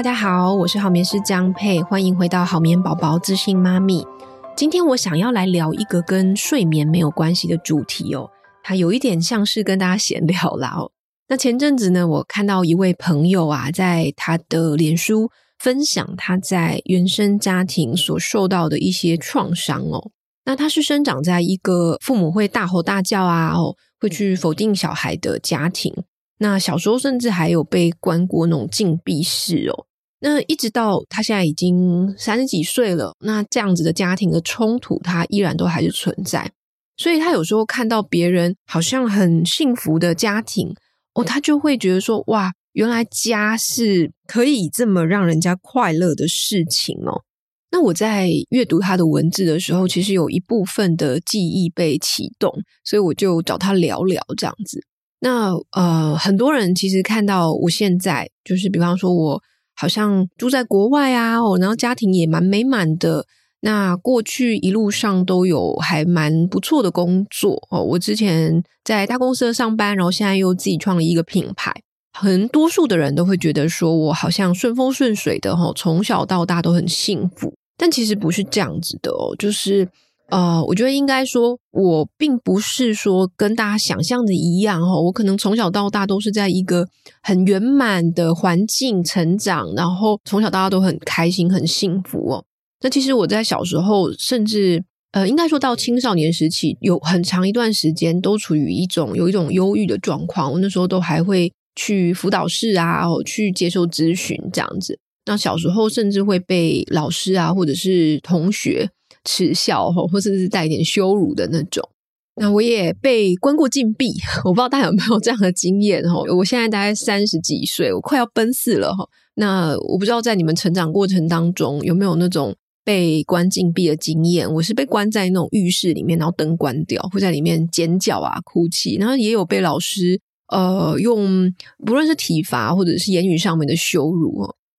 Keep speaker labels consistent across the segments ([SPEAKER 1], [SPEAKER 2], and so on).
[SPEAKER 1] 大家好，我是好眠師江佩，歡迎回到好眠寶寶自信媽咪。今天我想要來聊一個跟睡眠沒有關係的主題哦，它有一點像是跟大家閒聊啦哦。那前陣子呢，我看到一位朋友啊，在他的臉書分享他在原生家庭所受到的一些創傷哦。那他是生長在一個父母會大吼大叫啊，會去否定小孩的家庭，那小時候甚至還有被關過那種禁閉室哦。那一直到他現在已經三十幾歲了，那這樣子的家庭的衝突，他依然都還是存在。所以，他有時候看到別人好像很幸福的家庭，哦，他就會覺得說：哇，原來家是可以這麼讓人家快樂的事情哦。那我在閱讀他的文字的時候，其實有一部分的記憶被啟動，所以我就找他聊聊這樣子。那呃，很多人其實看到我現在，就是比方說我。好像住在國外啊，然後家庭也蠻美滿的。那過去一路上都有還蠻不錯的工作哦。我之前在大公司上班，然後現在又自己創立一個品牌。很多數的人都會覺得說我好像順風順水的哈，從小到大都很幸福，但其實不是這樣子的哦，就是。呃，我覺得應該說，我並不是說跟大家想象的一樣哦。我可能從小到大都是在一個很圓滿的環境成長，然後從小到大都很開心、很幸福哦。那其實我在小時候，甚至呃，應該說到青少年時期，有很長一段時間都處於一種有一種憂鬱的狀況。我那時候都還會去輔導室啊，去接受諮詢這樣子。那小時候甚至會被老師啊，或者是同學。恥笑或者是帶一點羞辱的那種。那我也被關過禁閉，我不知道大家有沒有這樣的經驗哈。我現在大概三十幾歲，我快要奔四了哈。那我不知道在你們成長過程當中有沒有那種被關禁閉的經驗？我是被關在那種浴室裡面，然後燈關掉，會在裡面尖叫啊、哭泣。然後也有被老師呃用不論是體罰或者是言語上面的羞辱。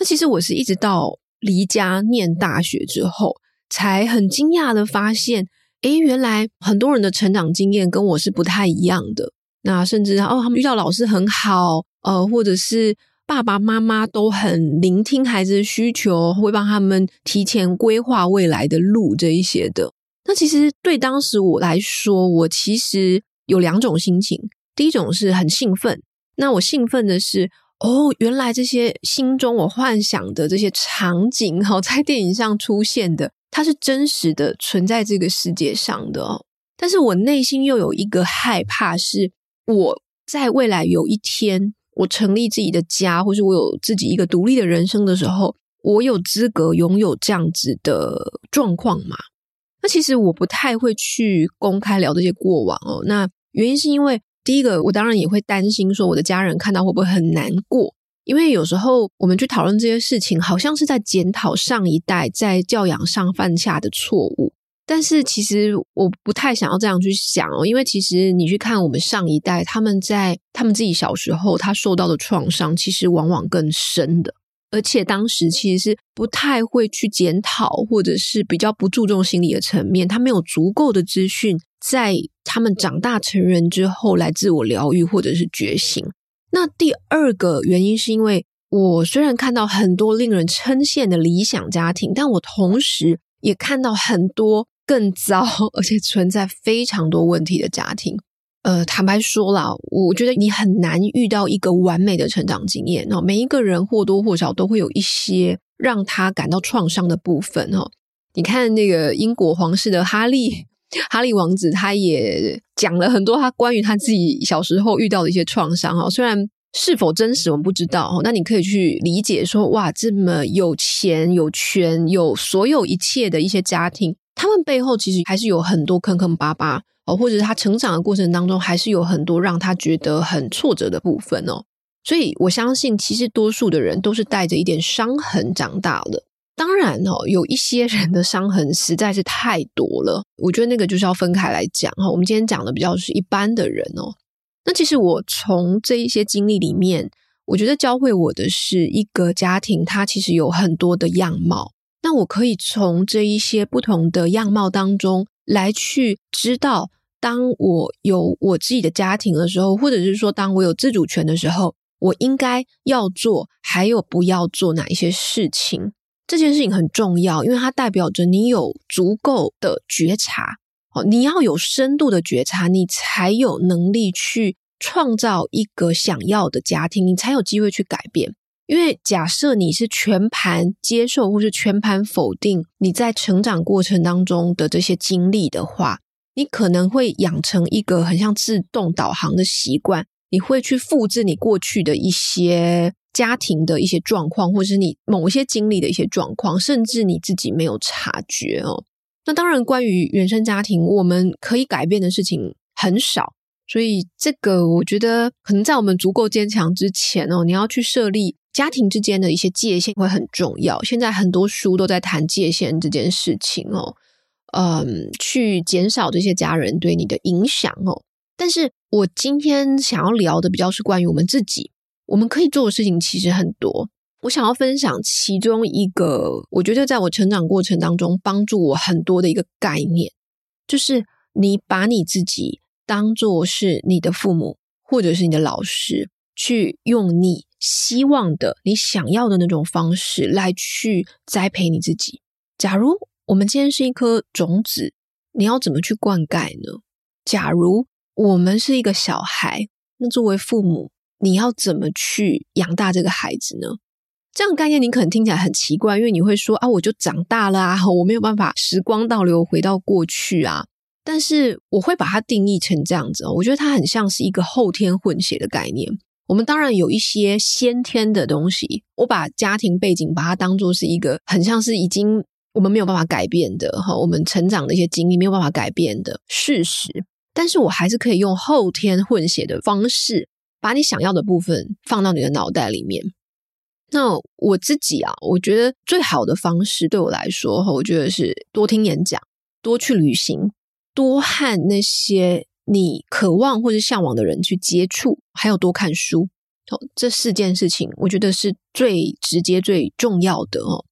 [SPEAKER 1] 那其實我是一直到離家念大學之後。才很驚訝的發現，誒、欸，原來很多人的成長經驗跟我是不太一樣的。那甚至哦，他們遇到老師很好，呃，或者是爸爸媽媽都很聆聽孩子的需求，會幫他們提前規劃未來的路這一些的。那其實對當時我來說，我其實有兩種心情。第一種是很興奮，那我興奮的是。哦，原來這些心中我幻想的這些場景哈、哦，在電影上出現的，它是真實的存在這個世界上的哦。但是我內心又有一個害怕，是我在未來有一天，我成立自己的家，或是我有自己一個獨立的人生的時候，我有資格擁有這樣子的狀況嘛？那其實我不太會去公開聊這些過往哦。那原因是因為。第一個，我當然也會擔心說我的家人看到會不會很難過，因為有時候我們去討論這些事情，好像是在檢討上一代在教養上犯下的錯誤。但是其實我不太想要這樣去想哦，因為其實你去看我們上一代，他們在，他們自己小時候，他受到的創傷其實往往更深的，而且當時其實是不太會去檢討，或者是比較不注重心理的層面，他沒有足夠的資訊在。他們長大成人之後來自我療癒或者是覺醒。那第二個原因是因為我雖然看到很多令人稱羨的理想家庭，但我同時也看到很多更糟而且存在非常多問題的家庭。呃，坦白說啦，我覺得你很難遇到一個完美的成長經驗。哦，每一個人或多或少都會有一些讓他感到創傷的部分。哦，你看那個英國皇室的哈利。哈利王子他也講了很多他關於他自己小時候遇到的一些創傷哈，雖然是否真實我們不知道，那你可以去理解說，哇，這麼有錢有權有所有一切的一些家庭，他們背後其實還是有很多坑坑巴巴哦，或者是他成長的過程當中還是有很多讓他覺得很挫折的部分哦，所以我相信其實多數的人都是帶着一點傷痕長大的。當然哦，有一些人的傷痕實在是太多了。我覺得那個就是要分開來講。我們今天講的比較是一般的人哦。那其實我從這一些經歷裡面，我覺得教會我的是一個家庭，它其實有很多的樣貌。那我可以從這一些不同的樣貌當中來去知道，當我有我自己的家庭的時候，或者是說當我有自主權的時候，我應該要做，還有不要做哪一些事情。這件事情很重要，因為它代表着你有足夠的覺察哦，你要有深度的覺察，你才有能力去創造一個想要的家庭，你才有機會去改變。因為假設你是全盤接受或是全盤否定你在成長過程當中的這些經歷的話，你可能會養成一個很像自動導航的習慣，你會去複製你過去的一些。家庭的一些狀況，或者是你某一些經歷的一些狀況，甚至你自己沒有察覺哦。那當然，關於原生家庭，我們可以改變的事情很少，所以這個我覺得可能在我們足夠堅強之前哦，你要去設立家庭之間的一些界限會很重要。現在很多書都在談界限這件事情哦，嗯，去減少這些家人對你的影響哦。但是我今天想要聊的比較是關於我們自己。我們可以做的事情其實很多，我想要分享其中一個，我覺得在我成長過程當中幫助我很多的一個概念，就是你把你自己當做是你的父母或者是你的老師，去用你希望的、你想要的那種方式來去栽培你自己。假如我們今天是一顆種子，你要怎麼去灌溉呢？假如我們是一個小孩，那作為父母，你要怎麼去養大這個孩子呢？這樣概念你可能聽起來很奇怪，因為你會說啊，我就長大了啊，我沒有辦法時光倒流回到過去啊。但是我會把它定義成這樣子哦，我覺得它很像是一個後天混血的概念。我們當然有一些先天的東西，我把家庭背景把它當做是一個很像是已經我們沒有辦法改變的哈，我們成長的一些經歷沒有辦法改變的事實。但是我還是可以用後天混血的方式。把你想要的部分放到你的腦袋裡面。那我自己啊，我覺得最好的方式對我來說哈，我覺得是多聽演講、多去旅行、多和那些你渴望或者嚮往的人去接觸，還有多看書。這四件事情，我覺得是最直接、最重要的哦。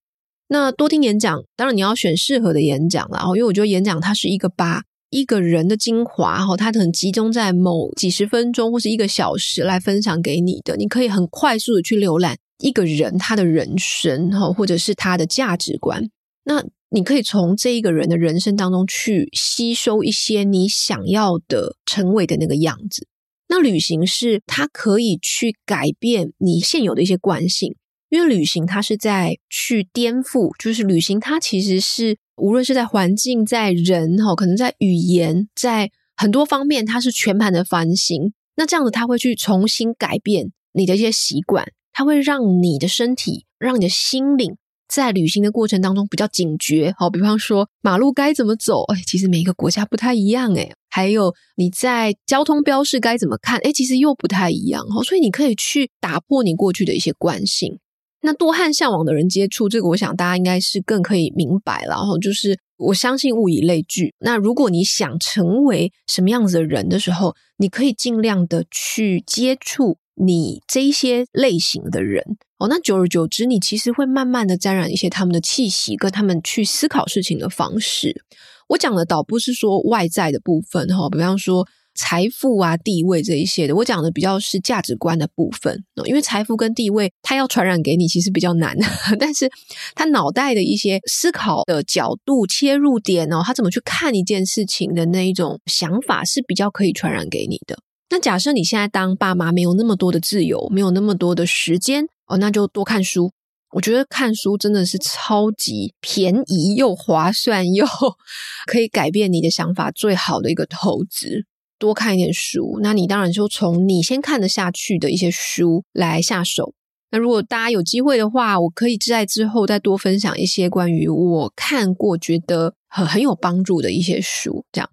[SPEAKER 1] 那多聽演講，當然你要選適合的演講啦，哦，因為我覺得演講它是一個八。一個人的精華哈，他很集中在某幾十分鐘或是一個小時來分享給你的，你可以很快速的去瀏覽一個人他的人生哈，或者是他的價值觀。那你可以從這一個人的人生當中去吸收一些你想要的成為的那個樣子。那旅行是他可以去改變你現有的一些慣性。因為旅行，它是在去顛覆，就是旅行，它其實是無論是在環境、在人哈，哦，可能在語言，在很多方面，它是全盤的翻新。那這樣子，它會去重新改變你的一些習慣，它會讓你的身體、讓你的心靈在旅行的過程當中比較警覺。好，哦，比方說馬路該怎麼走，哎，其實每一個國家不太一樣，哎，還有你在交通標示該怎麼看，哎，其實又不太一樣。哦，所以你可以去打破你過去的一些慣性。那多和嚮往的人接觸，這個我想大家應該是更可以明白了，然後就是我相信物以類聚，那如果你想成為什麼樣子的人的時候，你可以盡量的去接觸你這一些類型的人哦。那久而久之，你其實會慢慢的沾染，一些他們的氣息，跟他們去思考事情的方式。我講的倒不是說外在的部分哈，比方說。財富啊，地位這一些的，我講的比較是價值觀的部分。哦，因為財富跟地位，他要傳染給你其實比較難。但是他腦袋的一些思考的角度、切入點哦，他怎麼去看一件事情的那一種想法是比較可以傳染給你的。那假設你現在當爸媽，沒有那麼多的自由，沒有那麼多的時間哦，那就多看書。我覺得看書真的是超級便宜又划算，又可以改變你的想法最好的一個投資。多看一點書，那你當然就從你先看得下去的一些書來下手。那如果大家有機會的話，我可以在之後再多分享一些關於我看過覺得很很有幫助的一些書。這樣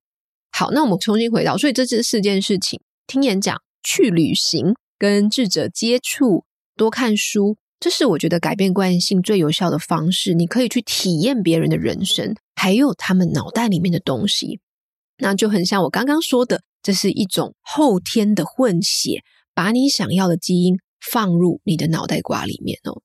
[SPEAKER 1] 好，那我們重新回到，所以這這四件事情：聽演講、去旅行、跟智者接觸、多看書，這是我覺得改變慣性最有效的方式。你可以去體驗別人的人生，還有他們腦袋裡面的東西，那就很像我剛剛說的。這是一種後天的混血，把你想要的基因放入你的腦袋瓜裡面哦。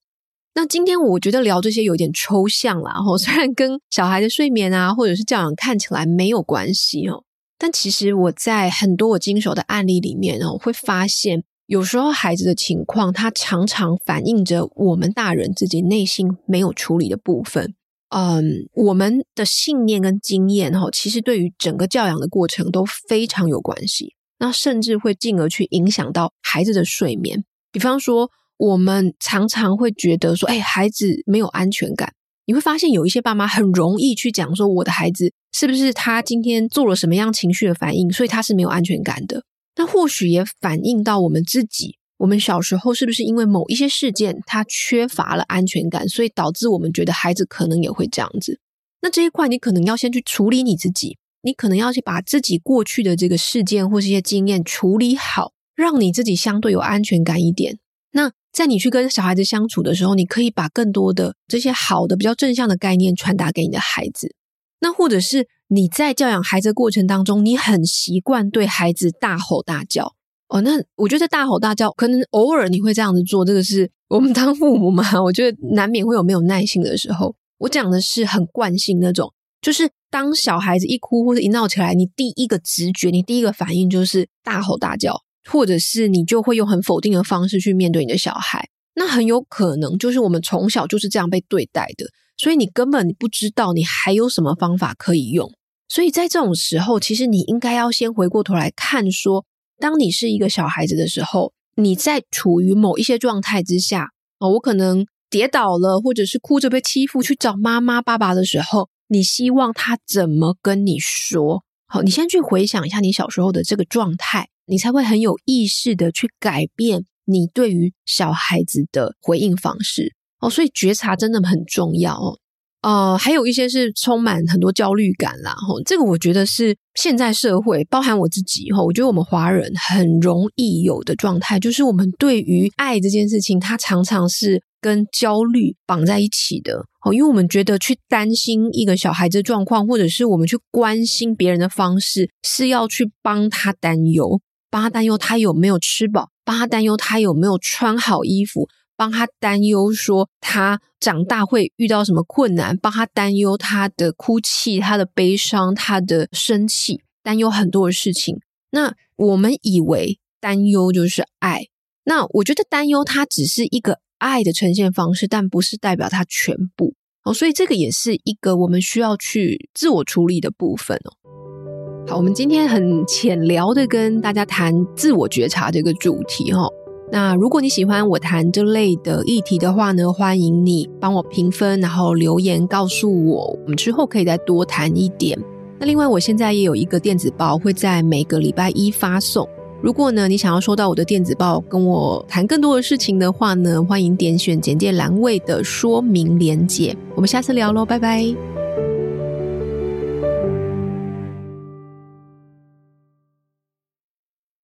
[SPEAKER 1] 那今天我覺得聊這些有點抽象啦，齁，雖然跟小孩的睡眠啊，或者是教養看起來沒有關係哦，但其實我在很多我經手的案例裡面，哦，會發現有時候孩子的情況，他常常反映着我們大人自己內心沒有處理的部分。嗯，um, 我們的信念跟經驗哈，其實對於整個教養的過程都非常有關係。那甚至會進而去影響到孩子的睡眠。比方說，我們常常會覺得說，哎，孩子沒有安全感。你會發現有一些爸媽很容易去講說，我的孩子是不是他今天做了什麼樣情緒的反應，所以他是沒有安全感的。那或許也反映到我們自己。我們小時候是不是因為，某一些事件，他缺乏了安全感，所以導致我們覺得孩子可能也會這樣子？那這一塊你可能要先去處理你自己，你可能要去把自己過去的這個事件或是一些經驗處理好，讓你自己相對有安全感一點。那在你去跟小孩子相處的時候，你可以把更多的這些好的、比較正向的概念傳達給你的孩子。那或者是你在教養孩子過程當中，你很習慣對孩子大吼大叫。哦，那我覺得大吼大叫可能偶爾你會這樣子做，這個是我們當父母嘛，我覺得難免會有沒有耐心的時候。我講的是很慣性那種，就是當小孩子一哭或者一鬧起來，你第一個直覺，你第一個反應就是大吼大叫，或者是你就會用很否定的方式去面對你的小孩。那很有可能就是我們從小就是這樣被對待的，所以你根本不知道你還有什麼方法可以用。所以在這種時候，其實你應該要先回過頭來看說。當你是一個小孩子的時候，你在處於某一些狀態之下，哦，我可能跌倒了，或者是哭着被欺負去找媽媽、爸爸的時候，你希望他怎麼跟你說？好，哦，你先去回想一下你小時候的這個狀態，你才會很有意識的去改變你對於小孩子的回應方式哦。所以覺察真的很重要哦。呃，還有一些是充滿很多焦慮感啦。吼，這個我覺得是現在社會，包含我自己吼，我覺得我們華人很容易有的狀態，就是我們對於愛這件事情，它常常是跟焦慮綁在一起的。吼，因為我們覺得去擔心一個小孩子的狀況，或者是我們去關心別人的方式，是要去幫他擔憂，幫他擔憂他有沒有吃飽，幫他擔憂他有沒有穿好衣服。幫他擔憂，說他長大會遇到什麼困難。幫他擔憂他的哭泣、他的悲傷、他的生氣，擔憂很多的事情。那我們以為擔憂就是愛，那我覺得擔憂它只是一個愛的呈現方式，但不是代表它全部哦。所以這個也是一個我們需要去自我處理的部分哦。好，我們今天很淺聊的跟大家談自我覺察這個主題哈、哦。那如果你喜歡我談這類的議題的話呢，歡迎你幫我評分，然後留言告訴我，我們之後可以再多談一點。那另外，我現在也有一個電子報會在每個禮拜一發送。如果呢，你想要收到我的電子報，跟我談更多的事情的話呢，歡迎點選簡介欄位的說明連結。我們下次聊嘍，拜拜。